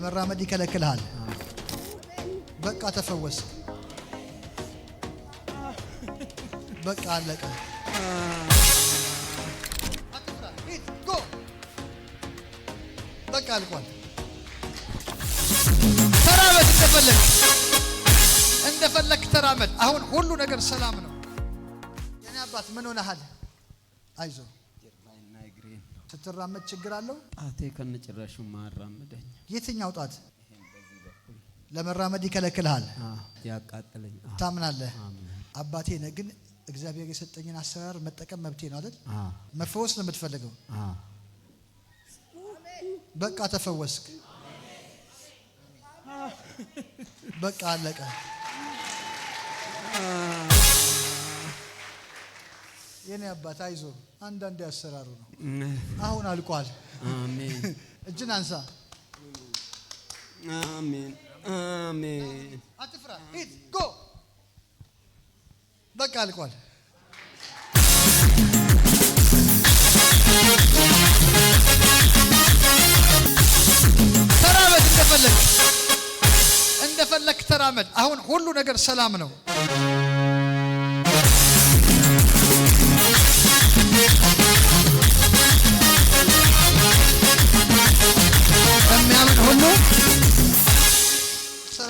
ለመራመድ ይከለክልሃል። በቃ ተፈወስ። በቃ አለቀ። በቃ አልቋል። ተራመድ እንደፈለግ እንደፈለግ ተራመድ። አሁን ሁሉ ነገር ሰላም ነው። የኔ አባት ምን ሆነሃል? አይዞህ ስትራመድ ችግር አለው? ጣቴ ከነጭራሹ ማራመደኝ። የትኛው ጣት ለመራመድ ይከለክልሃል? ያቃጥለኝ። ታምናለህ? አባቴ ነህ፣ ግን እግዚአብሔር የሰጠኝን አሰራር መጠቀም መብቴ ነው አይደል? መፈወስ ነው የምትፈልገው? በቃ ተፈወስክ። በቃ አለቀ። የኔ አባት አይዞ፣ አንዳንድ ያሰራሩ ነው። አሁን አልቋል። አሜን። እጅን አንሳ። አሜን፣ አሜን። አትፍራ። ሂድ፣ ጎ። በቃ አልቋል። ተራመድ እንደፈለግ እንደፈለግ ተራመድ። አሁን ሁሉ ነገር ሰላም ነው።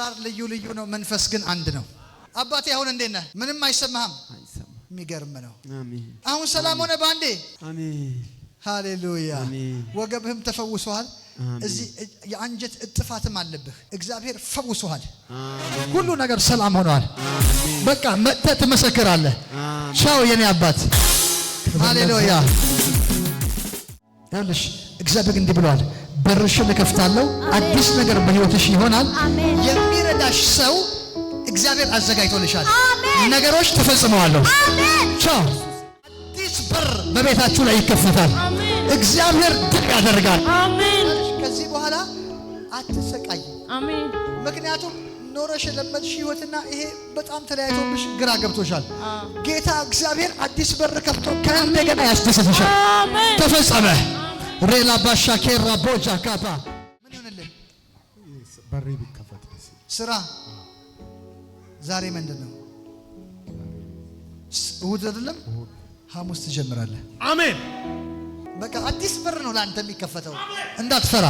አሰራር ልዩ ልዩ ነው፣ መንፈስ ግን አንድ ነው። አባቴ አሁን እንዴት ነህ? ምንም አይሰማህም? የሚገርም ነው። አሁን ሰላም ሆነ በአንዴ። ሃሌሉያ። ወገብህም ተፈውሶሃል። እዚህ የአንጀት እጥፋትም አለብህ። እግዚአብሔር ፈውሶሃል። ሁሉ ነገር ሰላም ሆነዋል። በቃ መጥተህ ትመሰክራለህ። ቻው የኔ አባት። ሃሌሉያ። ይኸውልሽ እግዚአብሔር እንዲህ ብለዋል በርሽን እከፍታለሁ። አዲስ ነገር በህይወትሽ ይሆናል። የሚረዳሽ ሰው እግዚአብሔር አዘጋጅቶልሻል። ነገሮች ተፈጽመዋለሁ። ቻው። አዲስ በር በቤታችሁ ላይ ይከፈታል። እግዚአብሔር ድል ያደርጋል። ከዚህ በኋላ አትሰቃይ። ምክንያቱም ኖረሽ የለመድሽ ህይወትና ይሄ በጣም ተለያይቶብሽ ግራ ገብቶሻል። ጌታ እግዚአብሔር አዲስ በር ከፍቶ ከእንደገና ያስደሰተሻል። ተፈጸመ። ሬላ ባሻኬራ ቦጃ ካታ ምን ይሆንልን? በሬ ቢከፈት ስራ ዛሬ ምንድን ነው? እሁድ አይደለም ሐሙስ ትጀምራለህ። አሜን። በቃ አዲስ በር ነው ለአንተ የሚከፈተው። እንዳትፈራ